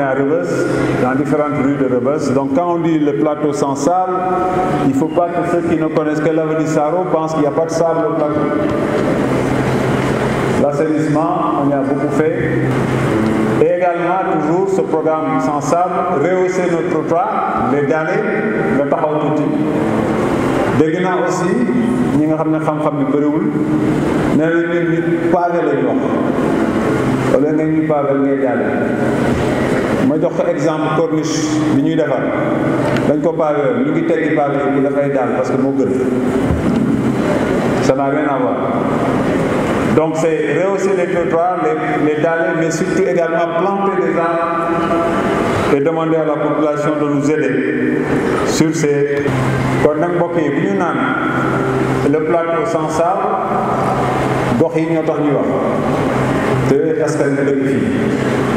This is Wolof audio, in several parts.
à Rebus, dans différentes rues de Rebus. Donc quand on dit le plateau sans sable, il ne faut pas que ceux qui ne connaissent que l'avenue Saro pensent qu'il n'y a pas de sable au plateau. L'assainissement, on y a beaucoup fait. Et également, toujours ce programme sans sable, rehausser notre trottoir, les galets, pas taxaw de naa aussi ñi nga xam ne xam-xam bi bëriwul nee na ñu pavé lañ ne wala nga ñu avec les galets ma jox ko exemple corniche bi ñuy defar dañ ko paawee ñu ngi teggi paawee bu dafay daal parce que moo gën ça n'a rien à voir donc c'est rehausser les trottoirs, les, les dalles, mais surtout également planter des arbres et demander à la population de nous aider sur ces kon nag mbokk yi bu ñu naan le plateau sans sable gox yi ñoo tax ñuy wax te askan bi dëkk fii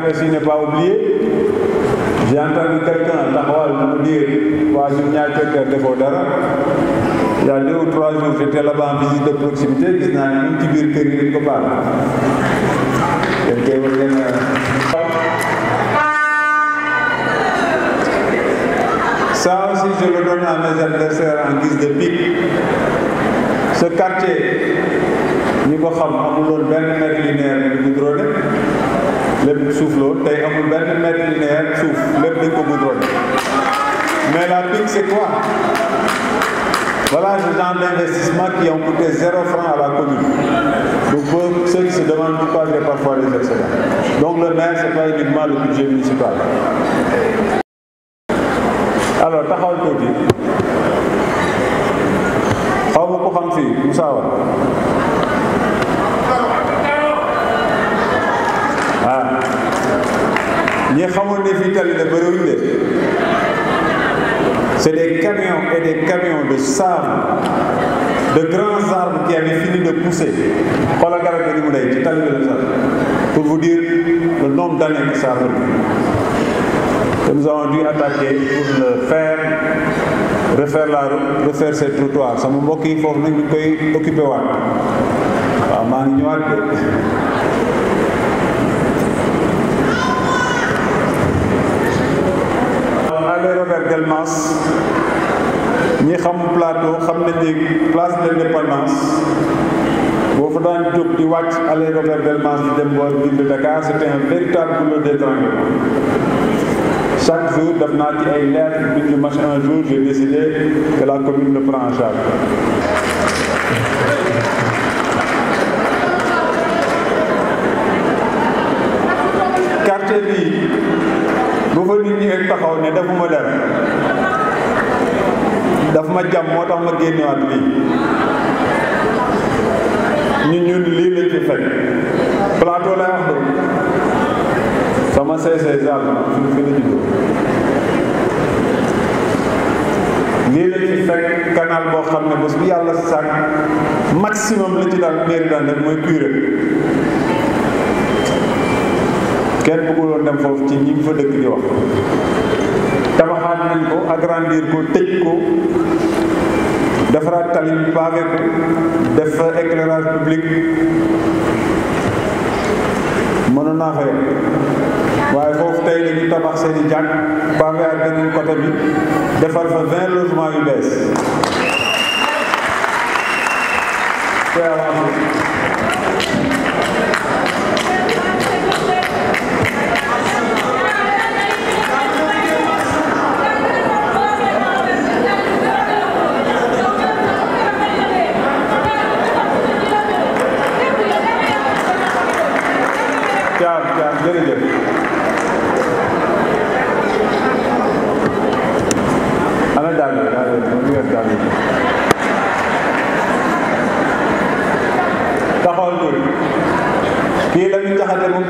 RSI n'est pas oublié j'ai entendu quelqu'un taxawal mu dire waa ñun ñaar Thioker defoo dara il ou trois jours j'étais là-bas de proximité gis naa ne ñun ci biir ko baal dañ koy wax leen euh, ça aussi je de pique ce quartier ñi ko xam amuloon benn mètre linéaire bi du ko lépp suuf loolu tey amul benn mètre linéaire le lépp dañ ko mais la pique c'est quoi voilà ce genre investissement qui ont coûté zéro franc à la commune donc pour ceux qui se demandent pourquoi j'ai parfois les excédents donc le maire c'est pas uniquement le budget municipal alors taxawal tuuti xaw ma ko xam fii bëriwuñ c'est des camions et des camions de sable de grands arbres qui avaient fini de pousser xoolal ni mu ci tali bi pour vous dire le nombre d'années que ça a pris que nous avons dû attaquer pour le faire refaire la route refaire ces trottoirs Ça mbokk yi foofu koy occupé waat waaw maa Palais au Delmas ni xam plateau xam nañ place de l'indépendance boo fa daan jóg di wàcc Palais Delmas di ville de Dakar c'était un véritable boulot d'étranglement chaque jour def naa ci ay lettres bind un jour j'ai décidé que la commune le prend en charge quartier vie. taxaw ne defuma dara daf ma jam moo tax ma génnewaat lii ñu ñun lii lañ plateau lay wax sama saya sal suñ fi la juddoo lii lañ fi fekk canal boo xam ne bu yàlla maximum la ci daan mairie daan kenn bëgguloon dem foofu ci ñi fa dëkk di wax tabaxaat nañ ko agrandir ko tëj ko defaraat tali bi ko def fa éclairage public mënoon naa fa waaye foofu tey dañuy tabax seen jàkk pavé ak beneen côté bi defar fa vingt logements yu bees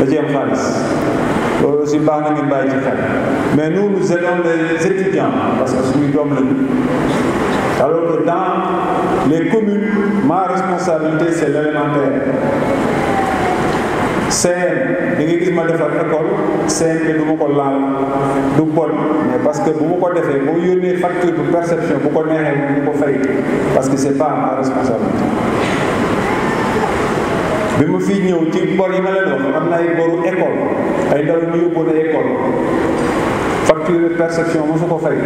deuxième phase. xaalis loolu aussi mais nous nous aidons les étudiants parce que nous sommes lañu alors que dans les communes ma responsabilité c'est l'élémentaire C'est da nga gis ma defar école seen C'est du ma du mais parce que vous ma faire, vous avez des facture de perception vous ne neexee pas, ma parce que c'est pas ma responsabilité bi ma fii ñëw ci bor yi ma leen wax am na ay boru école ay ndaw ñu yóbboon ay école facture de perception mosu ko fay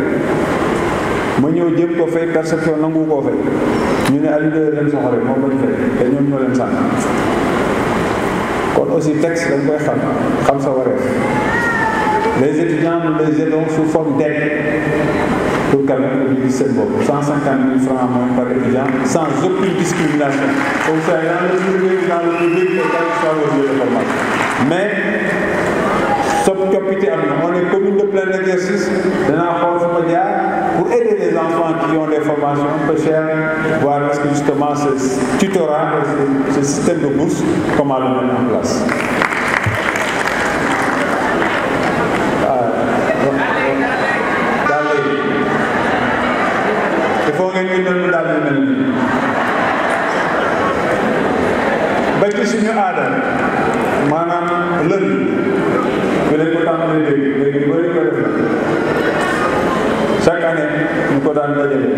ma ñëw jëm ko fay perception nangu koo fay ñu ne Aliou leen soxore moom lañ fay te ñoom ñoo leen sànn kon aussi texte dañ koy xam xam sa wareef les étudiants nous les aidons sous forme d'aide pour le même le 17 seen 150 000 francs à moins par étudiant sans aucune discrimination comme ça a le public, dans le public et quel que soit le lieu de formation mais sauf coppite am on est connu de plein exercice de la force mondiale, pour aider les enfants qui ont des formations peu chères voir ce que justement ce tutorat ce système de bourse comment le mettre en place mën a dégg léegi ñu bëri ko def chaque année ñu ko daan dajale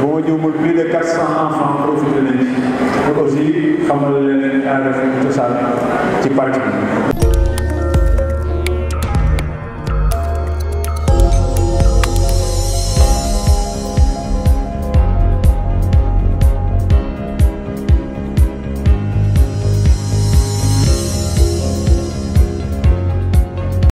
bu ma juumul plus de quatre cent enfants profité nañ pour aussi xamal leen aada cosaan ci parc